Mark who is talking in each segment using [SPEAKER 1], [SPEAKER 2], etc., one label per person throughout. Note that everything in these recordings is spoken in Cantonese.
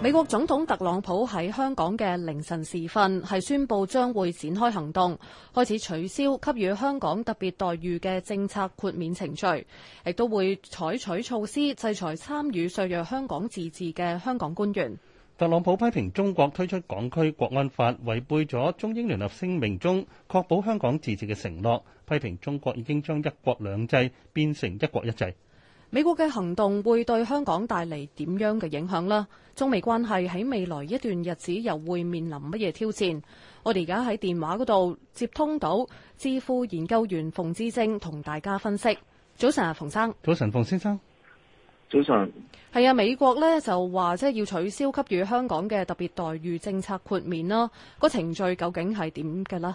[SPEAKER 1] 美國總統特朗普喺香港嘅凌晨時分，係宣布將會展開行動，開始取消給予香港特別待遇嘅政策豁免程序，亦都會採取措施制裁參與削弱香港自治嘅香港官員。
[SPEAKER 2] 特朗普批評中國推出港區國安法，違背咗中英聯合聲明中確保香港自治嘅承諾，批評中國已經將一國兩制變成一國一制。
[SPEAKER 1] 美國嘅行動會對香港帶嚟點樣嘅影響呢？中美關係喺未來一段日子又會面臨乜嘢挑戰？我哋而家喺電話嗰度接通到智庫研究員馮智政同大家分析。早晨啊，馮生。
[SPEAKER 2] 早晨，馮先生。早晨。
[SPEAKER 1] 係啊，美國咧就話即係要取消給予香港嘅特別待遇政策豁免啦。個程序究竟係點嘅咧？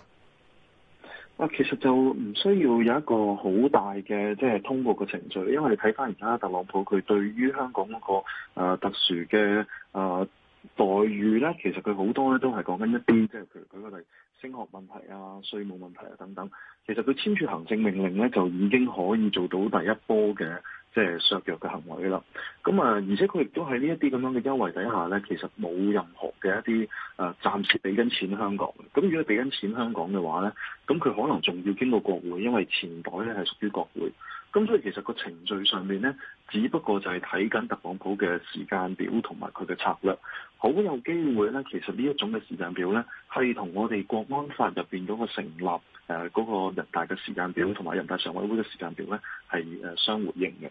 [SPEAKER 2] 啊，其實就唔需要有一個好大嘅即係通過嘅程序，因為你睇翻而家特朗普佢對於香港嗰個、呃、特殊嘅啊、呃、待遇咧，其實佢好多咧都係講緊一啲，即係譬如舉個例，升學問題啊、稅務問題啊等等，其實佢簽署行政命令咧，就已經可以做到第一波嘅。即係削弱嘅行為啦。咁啊，而且佢亦都喺呢一啲咁樣嘅優惠底下呢，其實冇任何嘅一啲誒、呃、暫時俾緊錢香港。咁如果俾緊錢香港嘅話呢，咁佢可能仲要經過國會，因為錢袋呢係屬於國會。咁所以其實個程序上面呢，只不過就係睇緊特朗普嘅時間表同埋佢嘅策略，好有機會呢，其實呢一種嘅時間表呢，係同我哋國安法入邊嗰個成立誒嗰、呃那個人大嘅時間表同埋人大常委會嘅時間表呢，係誒、呃、相呼應嘅。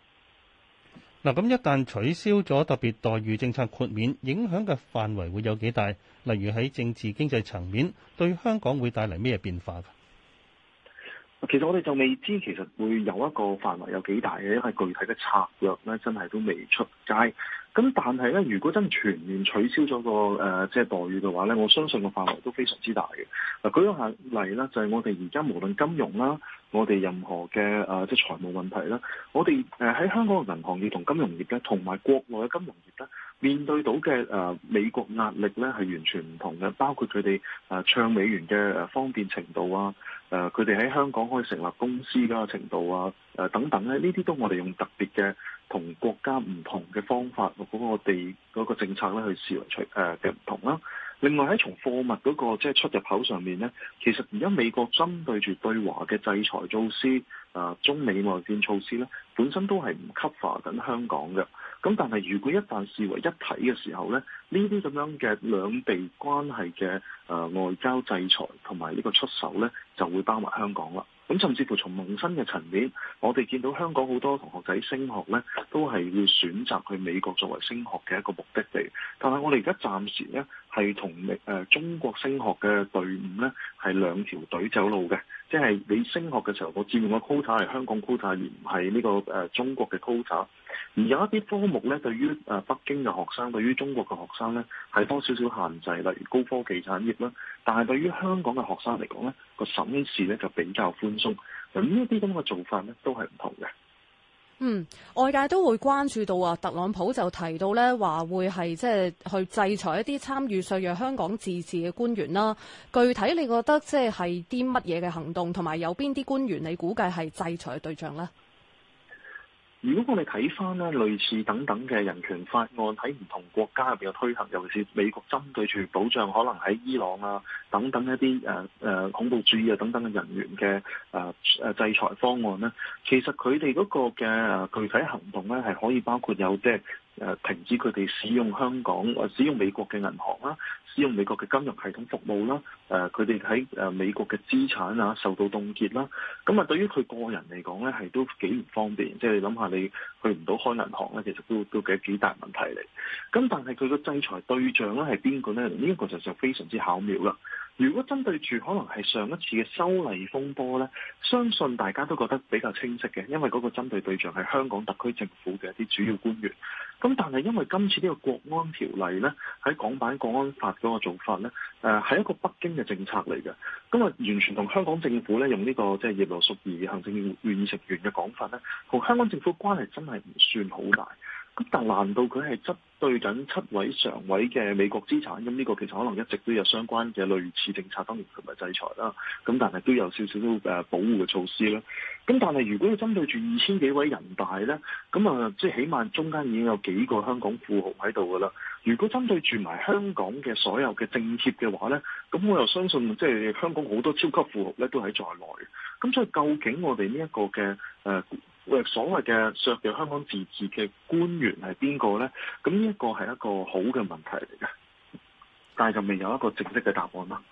[SPEAKER 2] 嗱，咁一旦取消咗特別待遇政策豁免，影響嘅範圍會有幾大？例如喺政治經濟層面，對香港會帶嚟咩變化？其實我哋就未知，其實會有一個範圍有幾大嘅，因為具體嘅策略咧，真係都未出街。咁但係咧，如果真全面取消咗個誒即係待遇嘅話咧，我相信個範圍都非常之大嘅。嗱，舉咗下例咧，就係我哋而家無論金融啦，我哋任何嘅誒即係財務問題啦，我哋誒喺香港嘅銀行業同金融業咧，同埋國內嘅金融業咧，面對到嘅誒、呃、美國壓力咧，係完全唔同嘅，包括佢哋誒唱美元嘅誒方便程度啊，誒佢哋喺香港可以成立公司嘅程度啊，誒、呃、等等咧，呢啲都我哋用特別嘅同國家唔同嘅方法，嗰、那個地嗰、那個政策咧去視為出誒嘅唔同啦、啊。另外喺從貨物嗰、那個即係、就是、出入口上面咧，其實而家美國針對住對華嘅制裁措施，誒、呃、中美外戰措施咧，本身都係唔 cover 緊香港嘅。咁但係如果一旦視為一體嘅時候咧，呢啲咁樣嘅兩地關係嘅誒、呃、外交制裁同埋呢個出手咧，就會包埋香港啦。咁甚至乎從萌生嘅層面，我哋見到香港好多同學仔升學咧，都係要選擇去美國作為升學嘅一個目的地。但係我哋而家暫時咧係同誒中國升學嘅隊伍咧係兩條隊走路嘅，即、就、係、是、你升學嘅時候，我佔用嘅 quota 係香港 quota，而唔係呢個誒中國嘅 quota。而有一啲科目咧，對於誒北京嘅學生，對於中國嘅學生咧，係多少少限制，例如高科技產業啦。但係對於香港嘅學生嚟講咧，個審視咧就比較寬鬆。咁呢啲咁嘅做法咧，都係唔同嘅。嗯，
[SPEAKER 1] 外界都會關注到啊，特朗普就提到咧話會係即係去制裁一啲參與削弱香港自治嘅官員啦。具體你覺得即係係啲乜嘢嘅行動，同埋有邊啲官員你估計係制裁嘅對象咧？
[SPEAKER 2] 如果我哋睇翻咧，類似等等嘅人權法案喺唔同國家入邊嘅推行，尤其是美國針對住保障可能喺伊朗啊等等一啲誒誒恐怖主義啊等等嘅人員嘅誒誒制裁方案咧，其實佢哋嗰個嘅誒、呃、具體行動咧係可以包括有即係。誒停止佢哋使用香港或使用美國嘅銀行啦，使用美國嘅金融系統服務啦。誒，佢哋喺誒美國嘅資產啊受到凍結啦。咁啊，對於佢個人嚟講咧，係都幾唔方便。即係你諗下，你去唔到開銀行咧，其實都都幾幾大問題嚟。咁但係佢個制裁對象咧係邊個咧？呢一個就就非常之巧妙啦。如果針對住可能係上一次嘅修例風波咧，相信大家都覺得比較清晰嘅，因為嗰個針對對象係香港特區政府嘅一啲主要官員。咁但係因為今次呢個國安條例呢，喺港版國安法嗰個做法呢，誒、呃、係一個北京嘅政策嚟嘅，咁、嗯、啊完全同香港政府呢，用呢個即係葉劉淑儀行政院成員嘅講法呢，同香港政府關係真係唔算好大。咁但難道佢係針對緊七位常委嘅美國資產？咁呢個其實可能一直都有相關嘅類似政策跟住同埋制裁啦。咁但係都有少少都誒保護嘅措施啦。咁但係如果要針對住二千幾位人大呢，咁啊即係起碼中間已經有幾個香港富豪喺度噶啦。如果針對住埋香港嘅所有嘅政協嘅話呢，咁我又相信即係香港好多超級富豪呢都喺在，在內。咁所以究竟我哋呢一個嘅誒？呃喂，所謂嘅削弱香港自治嘅官員係邊個呢？咁呢一個係一個好嘅問題嚟嘅，但係就未有一個正式嘅答案啦。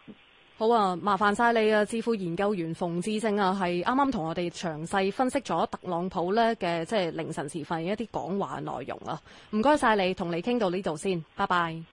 [SPEAKER 1] 好啊，麻煩晒你啊，智庫研究員馮智政啊，係啱啱同我哋詳細分析咗特朗普呢嘅即係凌晨時分一啲講話內容啊。唔該晒你，同你傾到呢度先，拜拜。